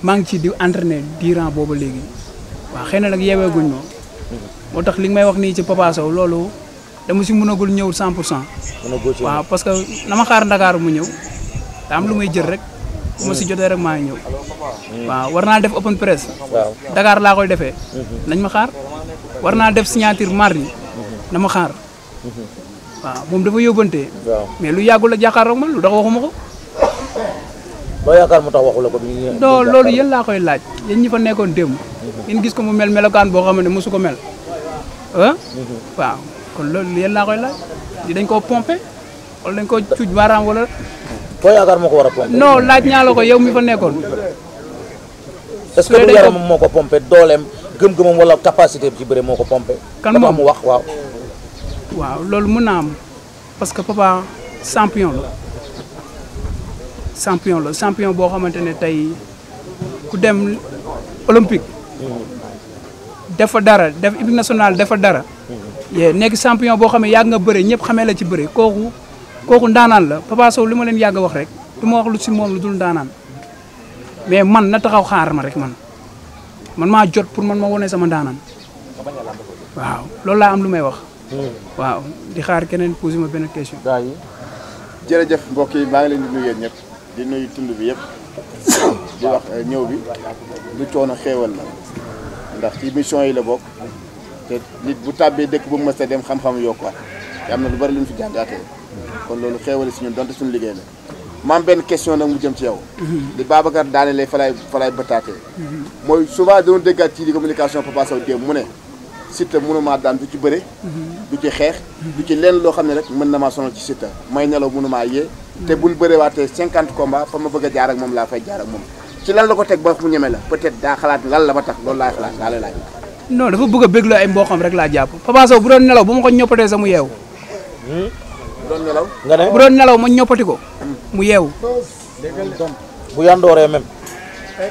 maa ngi ci di entraîné durant boobu léegi waaw xëy na nag yeeweeguñ ma moo tax li nga may wax nii ci Papa Sow loolu dama si mënagul ñëw 100 pour cent. waaw parce que na ma xaar Dakar mu ñëw daa am lu may jël rek bu si jotee rek maa ngi ñëw. Hmm. waaw war naa def open press. Dakar laa koy defee. Hmm. nañ ma xaar war naa def signature mardi hmm. na ma xaar. waaw moom dafa yóbbante. mais lu yàggul la jàkkaarloog man lu tax waxuma ko. loo yaakaar mu tax waxu la ko. non loolu yéen laa koy laaj yéen ñi fa nekkoon démb. Mhm. ngeen gis ko mu mel melokaan boo xam ne mosu ko mel. ah. waaw kon loolu yéen laa koy laaj di dañ koo pompe wala dañ ko cuuj baaraam wala. foo yaakaar moo ko war a pompé. ko yow mi fa nekkoon. est que du moo ko pompé dooleem gëm-gëmam wala capacité bi ci bëre moo ko pompe kan moom mu wax waaw. waaw loolu mën naam parce que papa champion la. champion la champion boo xamante ne tey ku dem olympique defa dara def équipe nationale dafa dara yee nekk champion boo xam ne yàgg nga bëre ñëpp xamee la ci bëre kooku kooku ndaanaan la Papa Sow li ma leen yàgg wax rek du ma wax lu si moom lu dul ndaanaan mais man na taxaw xaar ma rek man man maa jot pour man ma wane sama ndaanaan waaw loolu laa am lu may wax waaw di xaar keneen posé ma benn question. jërëjëf yi maa di nuyu tund bi yëpp di wax eh, ñëw bi du coono xéewal la ndax ci mission yi la bokk te nit bu tàbbee dëkk bu mës a dem xam-xam yokkuwaat te am na lu bari lu ñu fi jàngaatee kon loolu xéewal si ñun donte suñu liggéey la maam benn question nag mu jëm ci yow. li mhm. Babacar daane lay fa lay fa lay bëtaatee. Mhm. mooy souvent dañu déggaat ci communication Papa Sow démb mu ne. Siteu mënumaa daan du ci bëre. du ci xeex. du ci lenn loo xam ne rek mën na maa sonal ci Siteu may nelaw mënumaa yee. te buñ bëreewaatee cinquante combats fa ma bëgg a jaar ak moom laa fay jaar ak moom ci lan la ko teg ba mu ñeme la peut-être daa xalaat lan la ba tax loolu laay xalaat daa lay laaj. dafa bëgg a bégloo ay rek laa jàpp Papa bu doon nelaw bu ma ko ñoppatee sa mu yeewu. Hmm? bu doon ne bu ma ñoppati ko. Hmm. mu yeewu. bu yandooree même.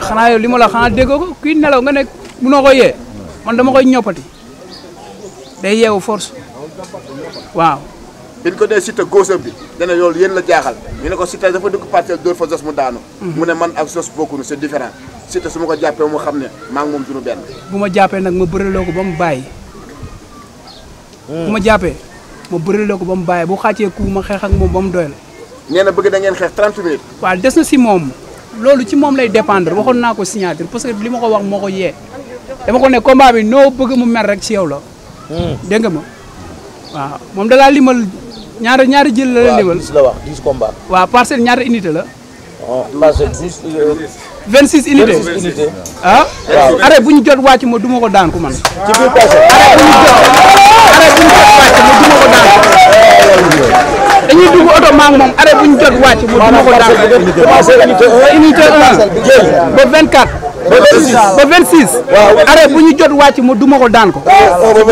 xanaa yow li ma la xanaa déggoo ko kuy nelaw nga ne mënoo ko yee man dama koy ñoppati. day yeewu force waaw. bi ñu ko dee Siteu góosam bi dana loolu yéen la jaaxal ñu ne ko Siteu dafa dugg parcelle dóor fa Zoss mu daanu. Mhm. mu ne man ak Zoss bokkunu c'est différent Siteu su ma ko jàppee mu xam ne maa ngi moom bu ma jàppee nag ma bëriloo ko ba bàyyi. Hmm. bu ma jàppee ma bëriloo ko ba mu bàyyi bu xaacee ku ma xeex moom ba mu doyal. nee na bëgg da ngeen xeex 30 minutes. des si moom loolu ci moom lay dépendre waxoon naa ko signature parce que li ma ko wax moo ko yee dama ko ne combat bi noo bëgg mu mer rek ci yow Hmm. dégg nga ma waaw moom dalaa limal ñaar ñaari jël la la limal. waaw 10 la wax unité la. Oh, euh, ah parcelle 10. 26 unités bu ñu jot wàcc ma du ma ko daan ku man. bu ñu jot arrêt bu duma ko daan. dañuy dugg oto maa moom arrêt bu ñu jot wàcc ma du ma ko daan. unité 1 unité ba 24. ba 26 ba 26. waaw arrêt bu ñu jot wàcc ma duma ko daan ko. Ah, ah, waaw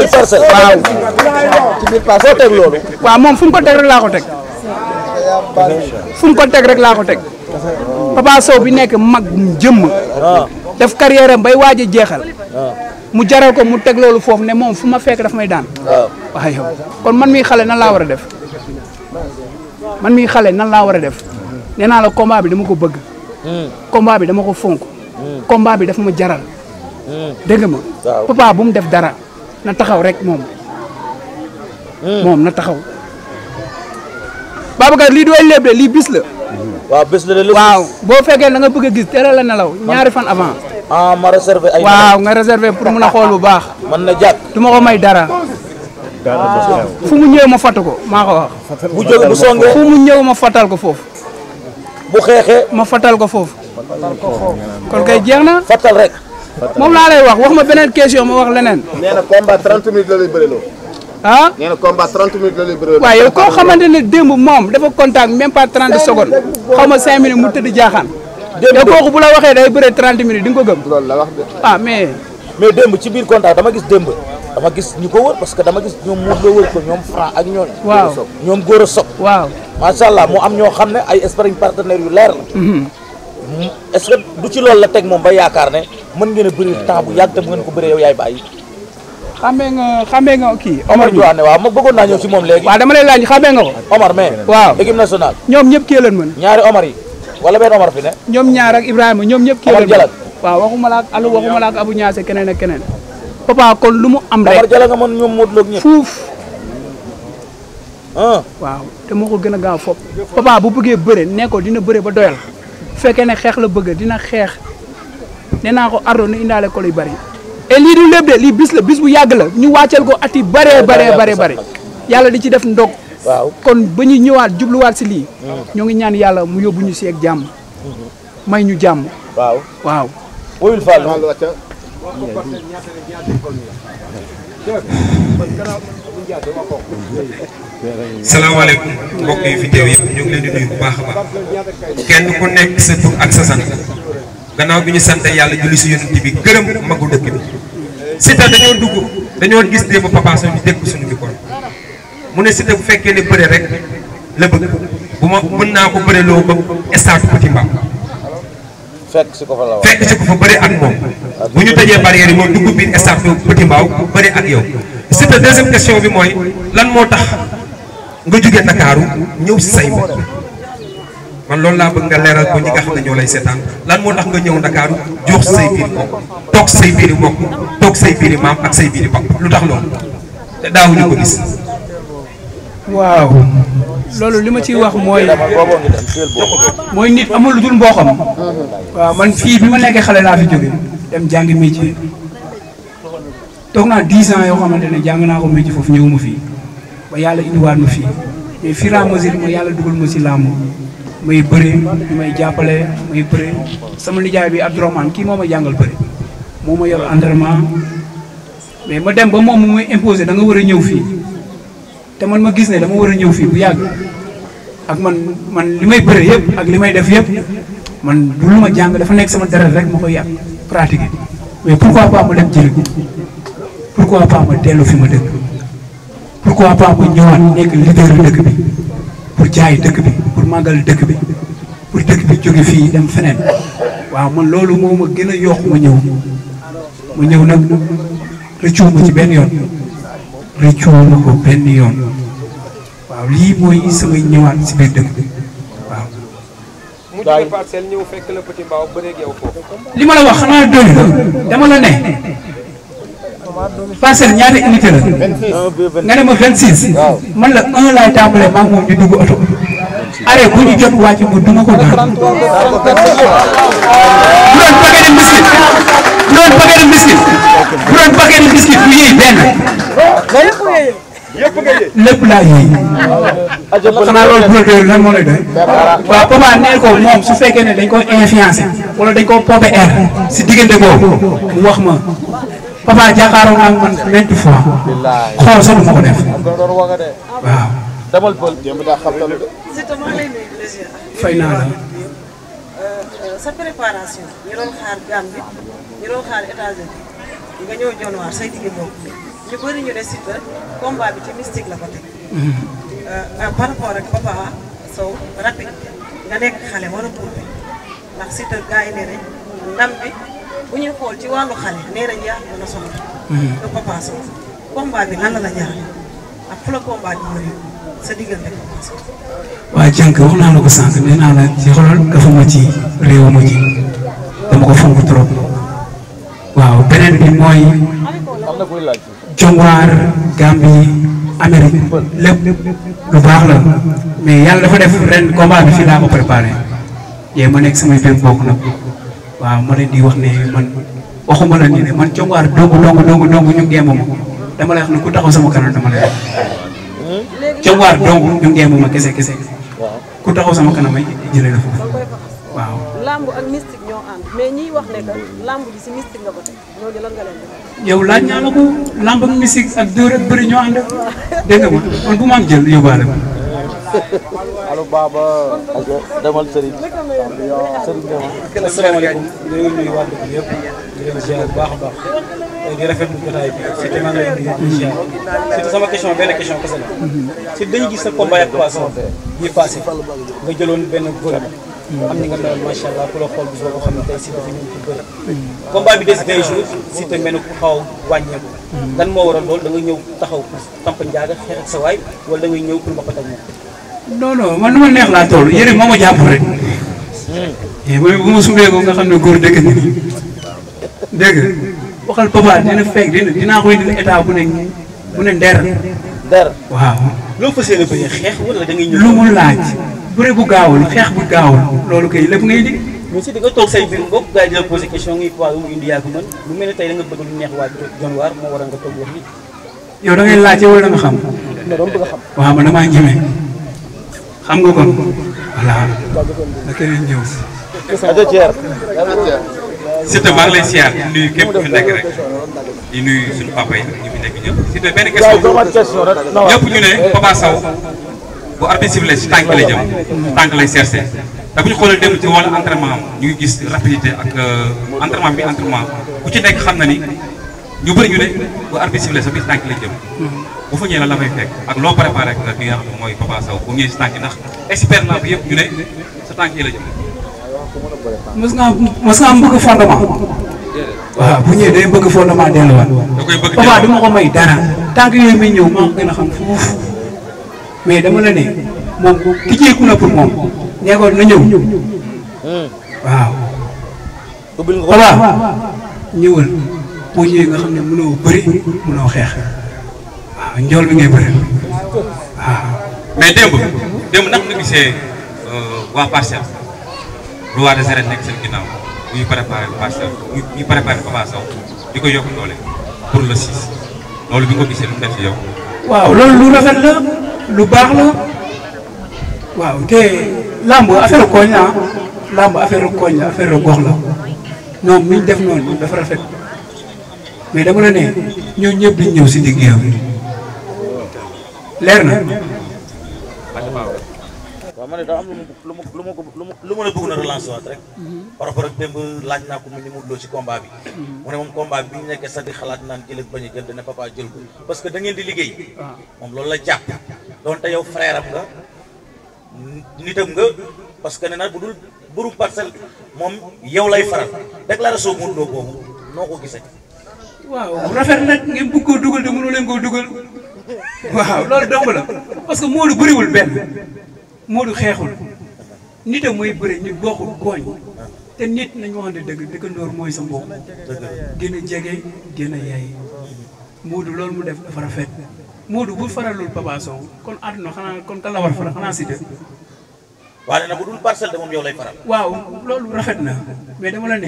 ba waaw. moom fu ko teg rek laa ko teg. fu ko teg rek laa ko teg. Papa bi nekk mag jëmm. Ah. def carrière am bay waaj jeexal. mu jaral ko mu teg loolu foofu ne moom fu ma fekk daf may daan. waaw kon man miy xale nan laa war a def. man miy xale nan laa war a def. nee naa la combat bi dama ko bëgg. combat bi dama ko fonk. combat bi dafa ma jaral. dégg ma. papa bu mu def dara na taxaw rek moom. moom na taxaw. Babacar lii du ay de lii bis la. waaw bés la boo fekkee da nga bëgg gis tere la nelaw ñaari fan avant. ah ma waaw nga réservé pour mun a xool bu baax. mën na jàpp du ko may dara. fu mu ñëw ma fàttu ko maa ko wax. bu jóg fu mu ñëw ma fàttal ko foofu. bu xeexee. ma fattal ko foofu. fatal ko foofu. kon kay jeex na. fatal rek. moom laa lay wax wax ma beneen question ma wax leneen. nee na combat 30 minutes la lay ah? xamante ne démb moom dafa contact même pas 30 secondes xaw ma 5 minutes mu tëdd jaaxaan. démb yow kooku bu la waxee day bëree 30 minutes di ko gëm. loolu la wax de. ah mais. mais démb ci biir contact dama gis démb. dama gis ñu ko wër parce que dama gis ñoom Modou Lo wër ko ñoom Franc ak ñoom. waaw ñoom Gora Sock. waaw. macha allah mu am ñoo xam ne ay sparring partenaires yu leer la. Mm-hmm. est du ci loolu la teg moom ba yaakaar ne mën ngeen a bëri mm-hmm. yàgg te bu ngeen ko bëree yow yaay bàyyi. xamee nga xamee nga kii. Omar Diouane waaw ma bëggoon naa ñëw si moom léegi. waaw dama lay laaj xamee nga ko. Omar mais. waaw équipe nationale. ñoom ñëpp kii leen mën. ñaari Omar yi wala benn Omar fi ne. ñoom ñaar ak Ibrahima ñoom ñëpp. kii leen mën waaw waxuma la ak keneen ak keneen. papa kon Ah. waaw te moo ko gën a gaaw fopp papa bu bëggee bëre nee dina bëre ba doyal bu fekkee ne xeex la bëgg dina xeex nee naa ko ardo na indaale ko luy bari e lii du lépp de lii bis la bis bu yàgg la ñu wàcceel ko ati yi bëree bëree bëree bëri yàlla di ci def ndog waaw kon ba ñuy ñëwaat jubluwaat si lii hmm. ñoo ngi ñaan yàlla mu yóbbu ñu si ak jàmm hmm. may ñu jàmm waaw waaw salaamaaleykum mbokk yi fi teew yëpp ñu leen di nuyu bu baax kenn ku nekk sa tur ak sa gannaaw bi ñu sant yàlla julli si yonent bi gërëm magu dëkk bi Siteu dañoo dugg dañoo gis démb Papa Sow ñu dégg suñu micro mu ne Siteu bu fekkee ne bëre rek la bëgg bu ma mën naa ko bëre loo ba stade Petit fekk si ko fa la ak moom. bu ñu tëjee barrière yi moom dugg biir stade Petit Mbao bëre ak yow. c'est la deuxième question bi mooy lan moo tax nga jógee Ndakaaru ñëw si say mbokk man loolu laa bëgg nga leeral ko nga xam ne ñoo lay seetaan lan moo tax nga ñëw Ndakaaru jox say biir mbokk toog say biiri mbokk toog say biiri maam ak say biiri papa lu tax loolu te daawuñu ko gis. loolu li ma ciy wax mooy mooy nit amul lu dul mbooxam waaw man fii bi ma nekkee xale laa fi jóge dem jàngi métier toog naa dix ans yoo xamante ne jàng naa ko métier foofu ñëwuma fii ba yàlla indiwaat ma fii mais fur et ma yàlla dugal ma si làmb may bëre may jàppale may bëre sama nijaay bi Abdourahmane kii moo ma jàngal bëre moo ma yor entraînement mais ma dem ba moom mu may imposé da nga war a ñëw fii te man ma gis ne dama war a ñëw fii bu yàgg ak man man li may bëre yëpp ak li may def yëpp man du ma jàng dafa nekk sama deret rek ma ko yàgg pratiquer mais pourquoi pas ma dem jëli ko pourquoi pas ma dellu fi ma dëkk pourquoi pas ma ñëwaat nekk leader dëkk bi pour jaay dëkk bi pour màggal dëkk bi pour dëkk bi jóge fii dem feneen waaw man loolu moo ma gën a yokk ma ñëw ma ñëw nag rëccu ma ci benn yoon. ma waaw lii mooy sama ñëwaat si biir dëkk la Petit Mbao bëreeg yow foofu. li ma la wax xanaa doy dama la ne parcelle ñaata unité la nga ne ma 26. man la un laay tàmbalee maa moom ñu dugg oto. arrêt bu ñu jot wàcc mu duma ko gaaw. bu doon bëgg dem doon paquet biscuit bu doon paquet biscuit bu yëy benn. yëpp nga yëy lépp laa yëy. xanaa loolu producteur bi lan moo lay doy. waaw Papa nee ko moom su fekkee ne dañ ko influencé wala dañ ko pompé air si diggante boobu mu wax ma Papa jàkkaaroo naa man vingt fois xool sax du ma ko def waaw. fay naa la. Euh, sa préparation ñu doon xaar Gambie ñu doon xaar États-Unis nga ñëw Dionewar say digg boobu ñu bëri ñu ne Siteu combat bi ci mystique la ko teg. Euh, par rapport ak Papa Sow rapide nga nekk xale war a prouvé ndax Siteu gars yi nee nañ ndam bi bu ñuy xool ci wàllu xale nee nañ yaa mën a soxla. donc mhm. Papa Sow combat bi lan la la jaral fu la combat bi mën waa jànk wax la ko sànq nee la ci xolal dafa ci réew ma ci dama ko fonk trop waaw beneen bi mooy jongwaar Gambie Amérique lépp lu baax la mais yàlla dafa def ren combat bi fii laa ko préparé yee ma nekk samay benn bokk nag waaw ma leen di wax ne man waxuma la ni ne man dongu dongu dongu dongu ñu ngeema dama lay wax ne ku taxaw sama kanam dama lay wax ca waar dong ñu ngeemu ma kese kese ku taxaw sama kanam ay jëlee la foofu waaw. lamb ak mystique ñoo ànd mais ñiy wax ne que lamb ji si mystique nga ko teg yow laaj naa la ko ak mystique ak dóor ak bëri ñoo ànd dégg nga ma man bu ma am jël yóbbaale ma. baax a baax. di rafetlu jotaay bi si te maa ngi lay la. si dañu gis sa combat ak poisson yi passé nga jëloon benn góor am ni nga mel macha allah ku la xool bu soo ko xam ne tey si dafa ñëw ci bëri. combat bi des vingt jours si te ku xaw wàññeeku. lan moo waral loolu da nga ñëw taxaw tamp njaaga xeex sa waay wala da ngay ñëw pour mboq ak moom. non non man nu ma neex laa tool yére moo a jàpp rek. bu hmm. eh, ma bu ma sumbee ko nga xam ne góor dëkk na nii dégg waxal papa dina fekk dina dinaa koy dina état bu ne bu ne nder. waaw. loo fas yéene bëri xeex wala da ngay ñëw. lu mu laaj bëre bu gaawul xeex bu gaawul loolu kay lépp ngay dig. mais si di nga toog say biir mbokk gars yi di la posé question lu mel ne tey da nga bëgg lu neex waa John Waar moo waral nga toog wax nii. yow da ngay laajte wala da nga xam. non dama bëgg a xam. waaw man damaa ñeme. xam nga ko voilà. da keneen ñëw. Siteu maa ngi lay siyaar di nuyu képp fi nekk rek di nuyu suñu papa yi ñu fi nekk ñëpp Siteu benn bu arbitre si tànk lay jëm tànk lay cherché dem ci wàllu entraînement ñu ngi gis rapidité ak euh, entraînement bi ci nekk xam na ni ñu bëri ñu ne bu arbitre sifflé sa biir lay jëm bu fa la la fekk ak loo préparé ak li nga xam ne mooy Papa Sow bu ñëwee si tànk ndax expert naa ko yëpp ñu ne sa tànk yi la jëm mos ngaa mos ngaa bëgg fondement. waaw bu ñëwee day bëgg fondement delluwaat. da koy bëgg delluwaat duma ko may dara. tànk yooyu muy ñëw maa ko gën a xam foofu. mais ne moom ki jéeku ñëw. waaw. ubbil nga ko nga xam ne mënoo bëri mënoo xeex. waaw njool bi ngay bëri. waaw. mais démb démb naka nga gisee euh, roi de arènes nekk seen ginnaaw muy préparé Papa muy muy préparé Papa Sow di ko yokk doole pour le 6 loolu bi nga ko gisee lu mu def ci yow. waaw loolu lu rafet la lu baax la waaw te làmb affaire koñ la làmb affaire koñ la affaire gox la ñoom mi ñu def noonu dafa rafet mais dama la ne ñoo ñëpp dañ ñëw si digg yow leer na. waaw man de daa am lu ma lu ma lu ma lu ma la bëgg na relance waat rek. par rapport ak démb laaj naa ko mu ni mu loo ci combat bi. Mm-hmm. mu ne moom combat bi ñu nekkee sax di xalaat naan jël ak bañ a jël dana papa jël ko parce que da ngeen di liggéey. Ah. moom loolu la jàpp. donte yow frère am nga nitam nga parce que nee na bu dul bërum parcelle moom yow lay faral déclaration Modou Lo boobu noo ko gisee. waaw rafet nag ngeen bëgg koo dugal te mënoo leen koo dugal. waaw loolu dong la parce que Modou bëriwul benn. Modou xeexul nit a mooy bëre nit bokkul gooñ te nit nañu waxante dëgg dëkkandoor mooy sa mbokk gën a jege gën a yaay Modou loolu mu def dafa rafet Modou bu faralul Papa Sow kon àdduna xanaa kon ka la war faral xanaa si dëkk waaw nee na bu dul parcelle de waaw loolu rafet na mais dama la ne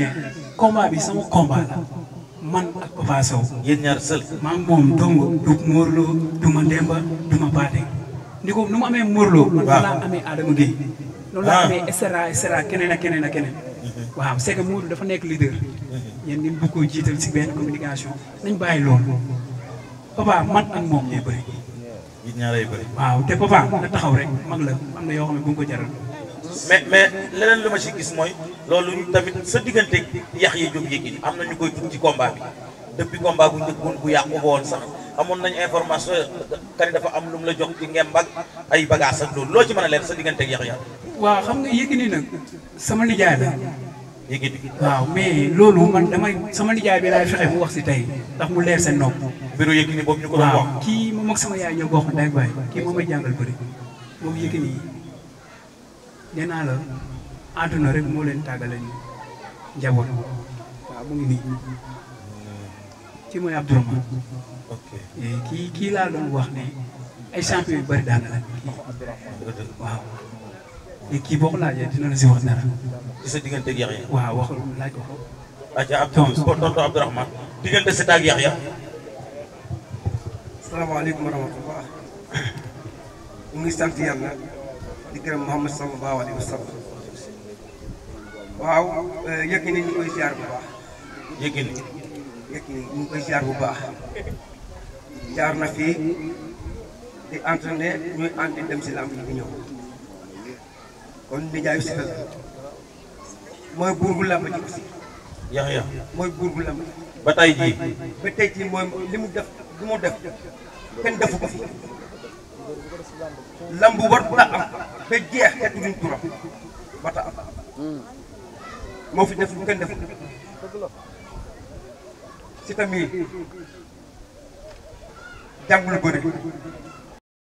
combat bi sama combat la man ak Papa Sow yéen ñaar sël moom du Mor Lo du ma Demba du ma ni ko nu mu amee Morlo. man man laa amee Adama ah. Gueye. loolu laa ah. amee et cetera keneen ak keneen ak keneen. Mm-hmm. waaw c'est que Modou dafa nekk leader. yéen ni mu bëgg koo jiital si benn communication nañ bàyyi loolu. papa man ak moom ñooy bëri. nit ñaa lay waaw te papa nga taxaw rek mag la am na yoo xam ne bu ko jaral. mais mais leneen lu ma si gis mooy loolu tamit sa diggante yax yi jóg yëg am na ñu koy tudd ci combat bi depuis combat bu njëkk bu yàqu ba woon sax. amoon nañ information kan dafa am lu mu la jox ci ngemb ak ay bagages ak loolu loo ci mën a leer sa diggante ak Yaxya waaw xam nga Yékini nag sama nijaay la waaw mais loolu man damay sama nijaay bi laay fexe mu wax si tey ndax mu leer seen nopp mbiru Yékini boobu kii moom ak sama yaay ñoo bokk ndey baay kii moom may jàngal bëri moom naa la àdduna rek moo leen tàggale ni njaboot waaw mu ngi nii ci kii kii laa doon wax ne ay champion yu bari daan la waaw te kii boo ko laajee dina wax dara. ci sa diggante ak Yaxya. waaw waxal laaj ko ko. aja ab tonton Abdourahmane diggante si daag Yaxya. salaamaaleykum wa rahmatullah. mu ngi sant yàlla di gërëm Muhammad sallallahu alayhi wa sallam. waaw eh, yëg ni ñu koy bu baax. jaar na fii di entraîné ñuy ànd dem si làmb yi ñëw kon nijaayu si la mooy buur bu làmb ji Yaxya mooy buur bu ba tey jii. ba tey jii mooy li mu def li mu def kenn defu ko fi. lamb war na am ba jeex te duñ turam war am. moo fi def kenn defu si tamit. jàngul bëri